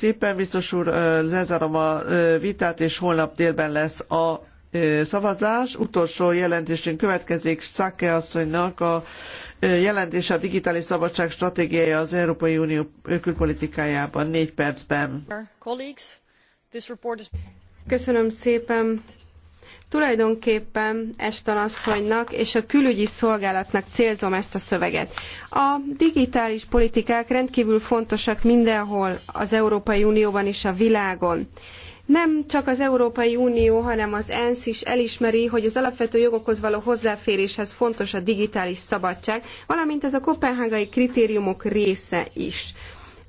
szépen, biztos úr, lezárom a vitát, és holnap délben lesz a szavazás. Utolsó jelentésünk következik Szake asszonynak a jelentése a digitális szabadság stratégiája az Európai Unió külpolitikájában. Négy percben. Köszönöm szépen. Tulajdonképpen Eston asszonynak és a külügyi szolgálatnak célzom ezt a szöveget. A digitális politikák rendkívül fontosak mindenhol az Európai Unióban és a világon. Nem csak az Európai Unió, hanem az ENSZ is elismeri, hogy az alapvető jogokhoz való hozzáféréshez fontos a digitális szabadság, valamint ez a kopenhágai kritériumok része is.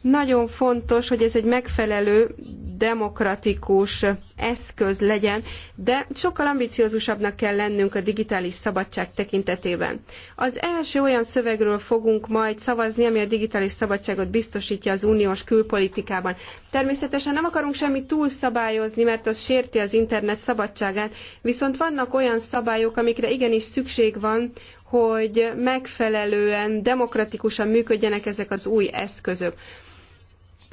Nagyon fontos, hogy ez egy megfelelő, demokratikus eszköz legyen, de sokkal ambiciózusabbnak kell lennünk a digitális szabadság tekintetében. Az első olyan szövegről fogunk majd szavazni, ami a digitális szabadságot biztosítja az uniós külpolitikában. Természetesen nem akarunk semmit túlszabályozni, mert az sérti az internet szabadságát, viszont vannak olyan szabályok, amikre igenis szükség van, hogy megfelelően, demokratikusan működjenek ezek az új eszközök.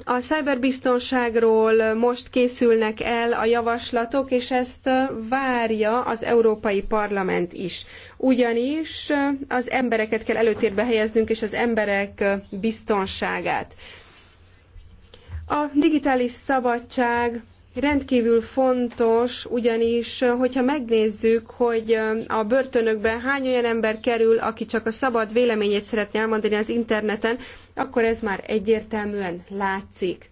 A cyberbiztonságról most készülnek el a javaslatok, és ezt várja az Európai Parlament is. Ugyanis az embereket kell előtérbe helyeznünk, és az emberek biztonságát. A digitális szabadság rendkívül fontos, ugyanis, hogyha megnézzük, hogy a börtönökben hány olyan ember kerül, aki csak a szabad véleményét szeretné elmondani az interneten, akkor ez már egyértelműen látszik.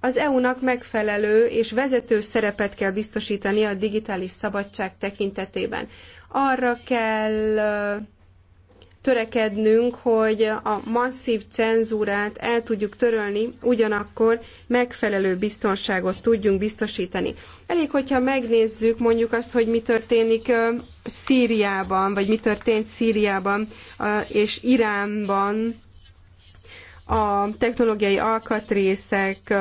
Az EU-nak megfelelő és vezető szerepet kell biztosítani a digitális szabadság tekintetében. Arra kell törekednünk, hogy a masszív cenzúrát el tudjuk törölni, ugyanakkor megfelelő biztonságot tudjunk biztosítani. Elég, hogyha megnézzük mondjuk azt, hogy mi történik Szíriában, vagy mi történt Szíriában és Iránban, a technológiai alkatrészek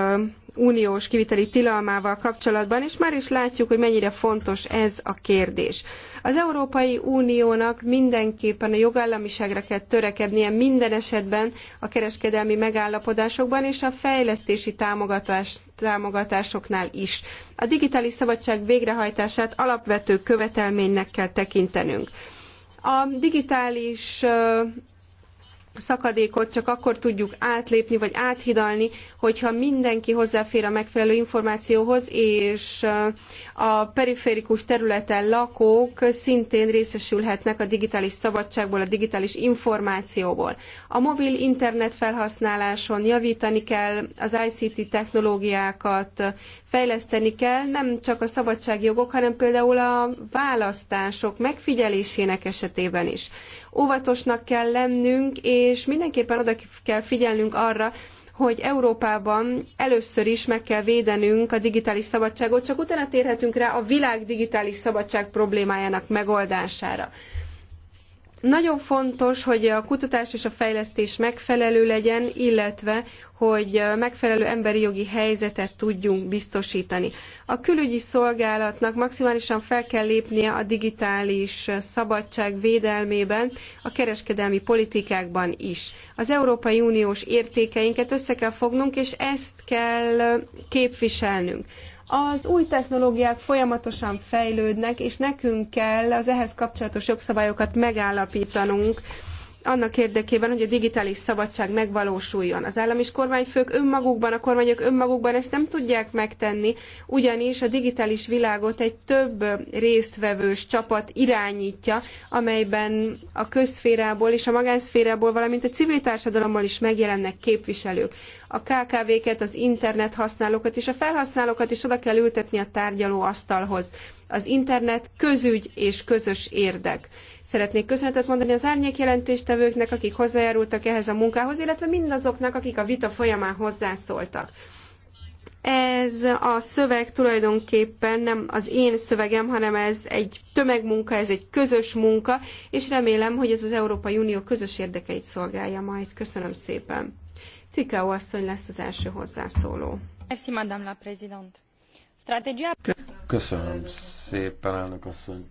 uniós kiviteli tilalmával kapcsolatban, és már is látjuk, hogy mennyire fontos ez a kérdés. Az Európai Uniónak mindenképpen a jogállamiságra kell törekednie minden esetben a kereskedelmi megállapodásokban és a fejlesztési támogatás, támogatásoknál is. A digitális szabadság végrehajtását alapvető követelménynek kell tekintenünk. A digitális szakadékot csak akkor tudjuk átlépni vagy áthidalni, hogyha mindenki hozzáfér a megfelelő információhoz, és a periférikus területen lakók szintén részesülhetnek a digitális szabadságból, a digitális információból. A mobil internet felhasználáson javítani kell, az ICT technológiákat fejleszteni kell, nem csak a szabadságjogok, hanem például a választások megfigyelésének esetében is. Óvatosnak kell lennünk, és és mindenképpen oda kell figyelnünk arra, hogy Európában először is meg kell védenünk a digitális szabadságot, csak utána térhetünk rá a világ digitális szabadság problémájának megoldására. Nagyon fontos, hogy a kutatás és a fejlesztés megfelelő legyen, illetve hogy megfelelő emberi jogi helyzetet tudjunk biztosítani. A külügyi szolgálatnak maximálisan fel kell lépnie a digitális szabadság védelmében, a kereskedelmi politikákban is. Az Európai Uniós értékeinket össze kell fognunk, és ezt kell képviselnünk. Az új technológiák folyamatosan fejlődnek, és nekünk kell az ehhez kapcsolatos jogszabályokat megállapítanunk, annak érdekében, hogy a digitális szabadság megvalósuljon. Az állam és kormányfők önmagukban, a kormányok önmagukban ezt nem tudják megtenni, ugyanis a digitális világot egy több résztvevős csapat irányítja, amelyben a közszférából és a magánszférából, valamint a civil társadalomból is megjelennek képviselők. A KKV-ket, az internet használókat és a felhasználókat is oda kell ültetni a tárgyalóasztalhoz. Az internet közügy és közös érdek Szeretnék köszönetet mondani az árnyék jelentéstevőknek, akik hozzájárultak ehhez a munkához, illetve mindazoknak, akik a vita folyamán hozzászóltak. Ez a szöveg tulajdonképpen nem az én szövegem, hanem ez egy tömegmunka, ez egy közös munka, és remélem, hogy ez az Európai Unió közös érdekeit szolgálja majd. Köszönöm szépen. Cikau asszony lesz az első hozzászóló. Köszönöm szépen, elnök asszony.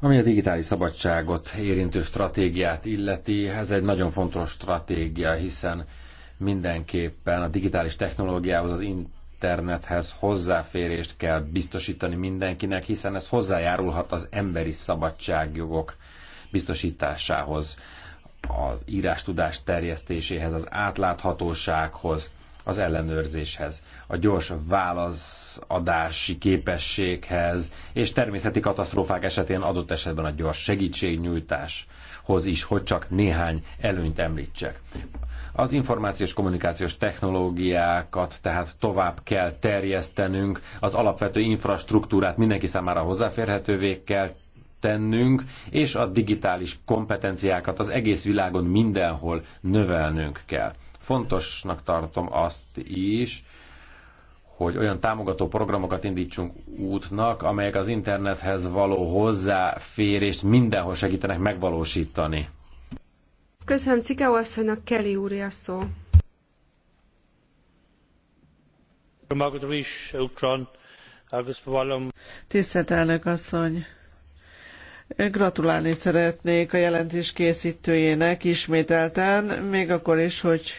Ami a digitális szabadságot érintő stratégiát illeti, ez egy nagyon fontos stratégia, hiszen mindenképpen a digitális technológiához, az internethez hozzáférést kell biztosítani mindenkinek, hiszen ez hozzájárulhat az emberi szabadságjogok biztosításához, az írástudás terjesztéséhez, az átláthatósághoz, az ellenőrzéshez, a gyors válaszadási képességhez, és természeti katasztrófák esetén adott esetben a gyors segítségnyújtáshoz is, hogy csak néhány előnyt említsek. Az információs kommunikációs technológiákat tehát tovább kell terjesztenünk, az alapvető infrastruktúrát mindenki számára hozzáférhetővé kell tennünk, és a digitális kompetenciákat az egész világon mindenhol növelnünk kell. Fontosnak tartom azt is, hogy olyan támogató programokat indítsunk útnak, amelyek az internethez való hozzáférést mindenhol segítenek megvalósítani. Köszönöm Cikeó asszonynak, Kelly úri a szó. Tisztelt elnök asszony! Gratulálni szeretnék a jelentés készítőjének ismételten, még akkor is, hogy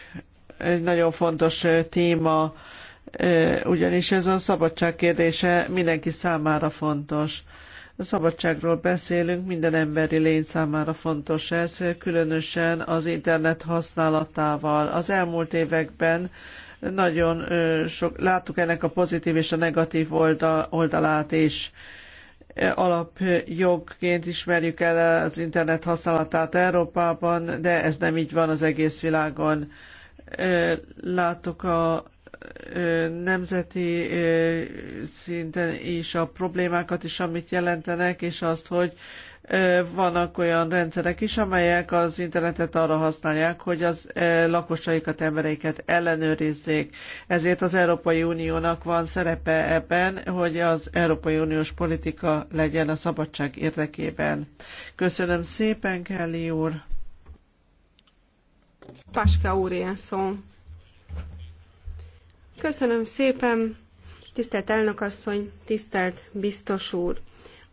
egy nagyon fontos téma, ugyanis ez a szabadság kérdése mindenki számára fontos. A szabadságról beszélünk, minden emberi lény számára fontos ez, különösen az internet használatával. Az elmúlt években nagyon sok, láttuk ennek a pozitív és a negatív oldalát is alapjogként ismerjük el az internet használatát Európában, de ez nem így van az egész világon. Látok a nemzeti szinten is a problémákat is, amit jelentenek, és azt, hogy vannak olyan rendszerek is, amelyek az internetet arra használják, hogy az lakosaikat, embereiket ellenőrizzék. Ezért az Európai Uniónak van szerepe ebben, hogy az Európai Uniós politika legyen a szabadság érdekében. Köszönöm szépen, Kelly úr! Paska úr ilyen szó. Köszönöm szépen, tisztelt elnökasszony, tisztelt biztos úr!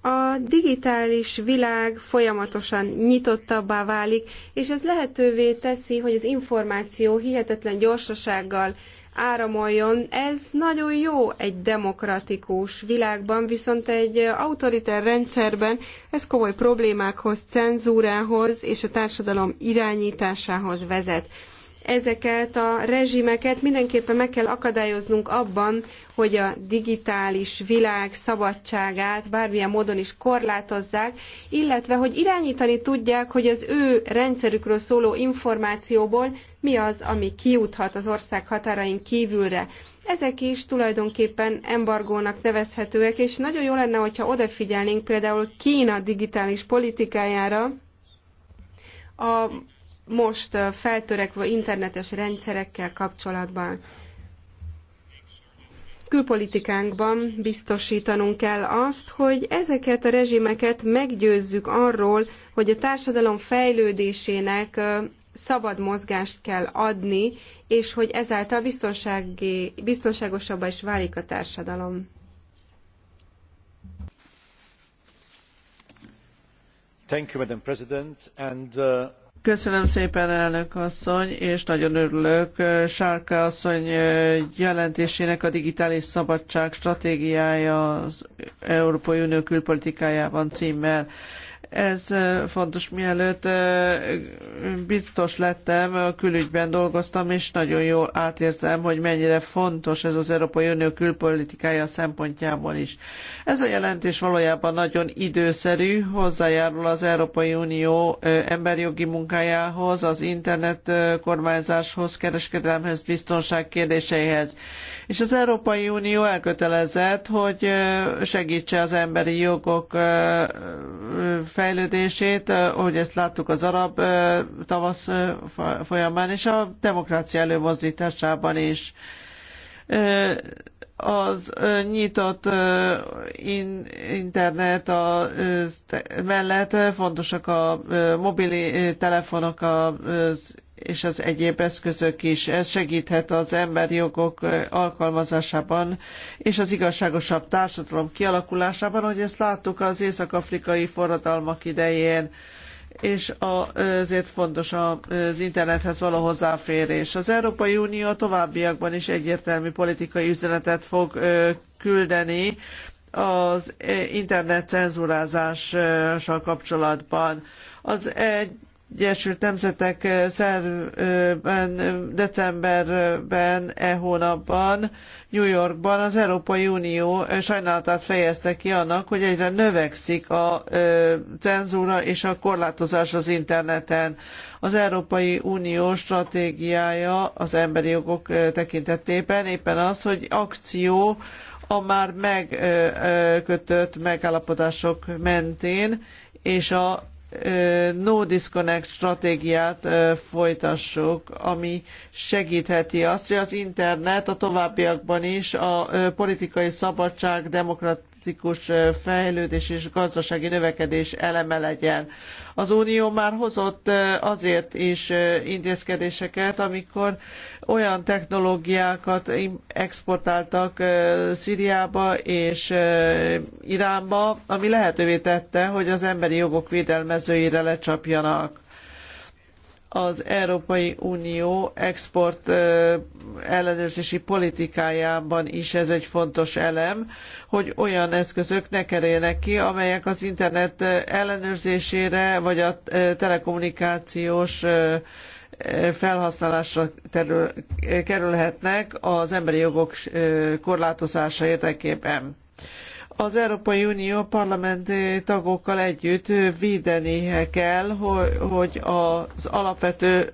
A digitális világ folyamatosan nyitottabbá válik, és ez lehetővé teszi, hogy az információ hihetetlen gyorsasággal áramoljon. Ez nagyon jó egy demokratikus világban, viszont egy autoriter rendszerben ez komoly problémákhoz, cenzúrához és a társadalom irányításához vezet ezeket a rezsimeket mindenképpen meg kell akadályoznunk abban, hogy a digitális világ szabadságát bármilyen módon is korlátozzák, illetve hogy irányítani tudják, hogy az ő rendszerükről szóló információból mi az, ami kijuthat az ország határain kívülre. Ezek is tulajdonképpen embargónak nevezhetőek, és nagyon jó lenne, hogyha odafigyelnénk például Kína digitális politikájára, a most feltörekvő internetes rendszerekkel kapcsolatban. Külpolitikánkban biztosítanunk kell azt, hogy ezeket a rezsimeket meggyőzzük arról, hogy a társadalom fejlődésének szabad mozgást kell adni, és hogy ezáltal biztonságosabbá is válik a társadalom. Thank you, Madam President, and uh... Köszönöm szépen, elnök asszony, és nagyon örülök Sárka asszony jelentésének a digitális szabadság stratégiája az Európai Unió külpolitikájában címmel. Ez fontos, mielőtt biztos lettem, a külügyben dolgoztam, és nagyon jól átérzem, hogy mennyire fontos ez az Európai Unió külpolitikája szempontjából is. Ez a jelentés valójában nagyon időszerű, hozzájárul az Európai Unió emberjogi munkájához, az internet kormányzáshoz, kereskedelemhez, biztonság kérdéseihez. És az Európai Unió elkötelezett, hogy segítse az emberi jogok fejlődését, ahogy ezt láttuk az arab tavasz folyamán, és a demokrácia előmozdításában is az nyitott internet a, mellett fontosak a mobil telefonok, az és az egyéb eszközök is. Ez segíthet az emberi jogok alkalmazásában és az igazságosabb társadalom kialakulásában, hogy ezt láttuk az észak-afrikai forradalmak idején és azért fontos az internethez való hozzáférés. Az Európai Unió a továbbiakban is egyértelmű politikai üzenetet fog küldeni az internet cenzúrázással kapcsolatban. Az egy Egyesült Nemzetek szerben decemberben, e hónapban New Yorkban az Európai Unió sajnálatát fejezte ki annak, hogy egyre növekszik a cenzúra és a korlátozás az interneten. Az Európai Unió stratégiája az emberi jogok tekintetében éppen az, hogy akció a már megkötött megállapodások mentén, és a no disconnect stratégiát folytassuk, ami segítheti azt, hogy az internet a továbbiakban is a politikai szabadság, demokrat, demokratikus fejlődés és gazdasági növekedés eleme legyen. Az Unió már hozott azért is intézkedéseket, amikor olyan technológiákat exportáltak Szíriába és Iránba, ami lehetővé tette, hogy az emberi jogok védelmezőire lecsapjanak az Európai Unió export ellenőrzési politikájában is ez egy fontos elem, hogy olyan eszközök ne kerüljenek ki, amelyek az internet ellenőrzésére vagy a telekommunikációs felhasználásra terül, kerülhetnek az emberi jogok korlátozása érdekében az Európai Unió parlamenti tagokkal együtt védenie kell, hogy az alapvető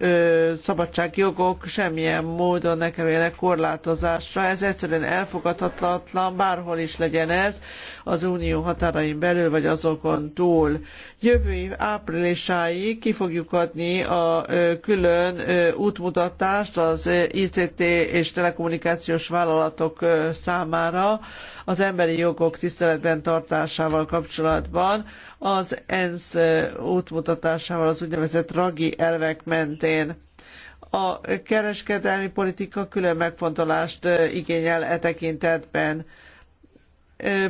szabadságjogok semmilyen módon ne kerüljenek korlátozásra. Ez egyszerűen elfogadhatatlan, bárhol is legyen ez, az Unió határain belül vagy azokon túl. Jövő év áprilisáig ki fogjuk adni a külön útmutatást az ICT és telekommunikációs vállalatok számára az emberi jogok tiszteletben tiszteletben tartásával kapcsolatban, az ENSZ útmutatásával az úgynevezett ragi elvek mentén. A kereskedelmi politika külön megfontolást igényel e tekintetben.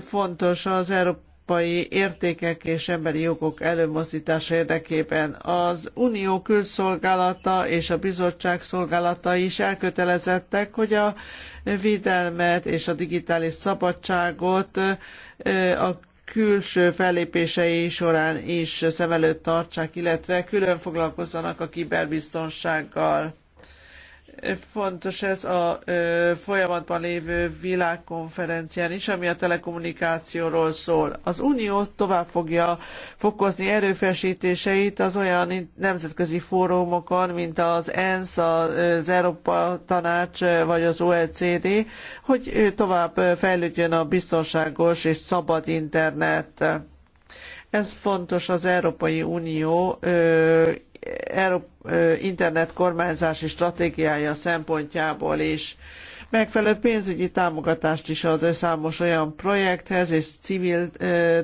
Fontos az Európai európai értékek és emberi jogok előmozdítása érdekében. Az Unió külszolgálata és a bizottság szolgálatai is elkötelezettek, hogy a védelmet és a digitális szabadságot a külső fellépései során is szem előtt tartsák, illetve külön foglalkozzanak a kiberbiztonsággal. Fontos ez a folyamatban lévő világkonferencián is, ami a telekommunikációról szól. Az Unió tovább fogja fokozni erőfesítéseit az olyan nemzetközi fórumokon, mint az ENSZ, az Európa Tanács vagy az OECD, hogy tovább fejlődjön a biztonságos és szabad internet ez fontos az Európai Unió internetkormányzási stratégiája szempontjából is. Megfelelő pénzügyi támogatást is ad számos olyan projekthez és civil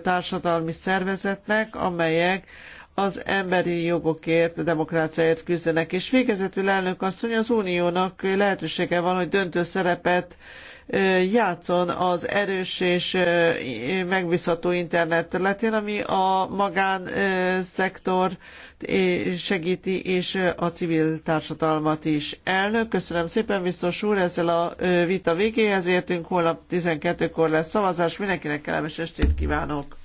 társadalmi szervezetnek, amelyek az emberi jogokért, a demokráciáért küzdenek. És végezetül elnök asszony, az uniónak lehetősége van, hogy döntő szerepet játszon az erős és megbízható internet területén, ami a magánszektor segíti, és a civil társadalmat is. Elnök, köszönöm szépen, biztos úr, ezzel a vita végéhez értünk, holnap 12-kor lesz szavazás, mindenkinek kellemes estét kívánok!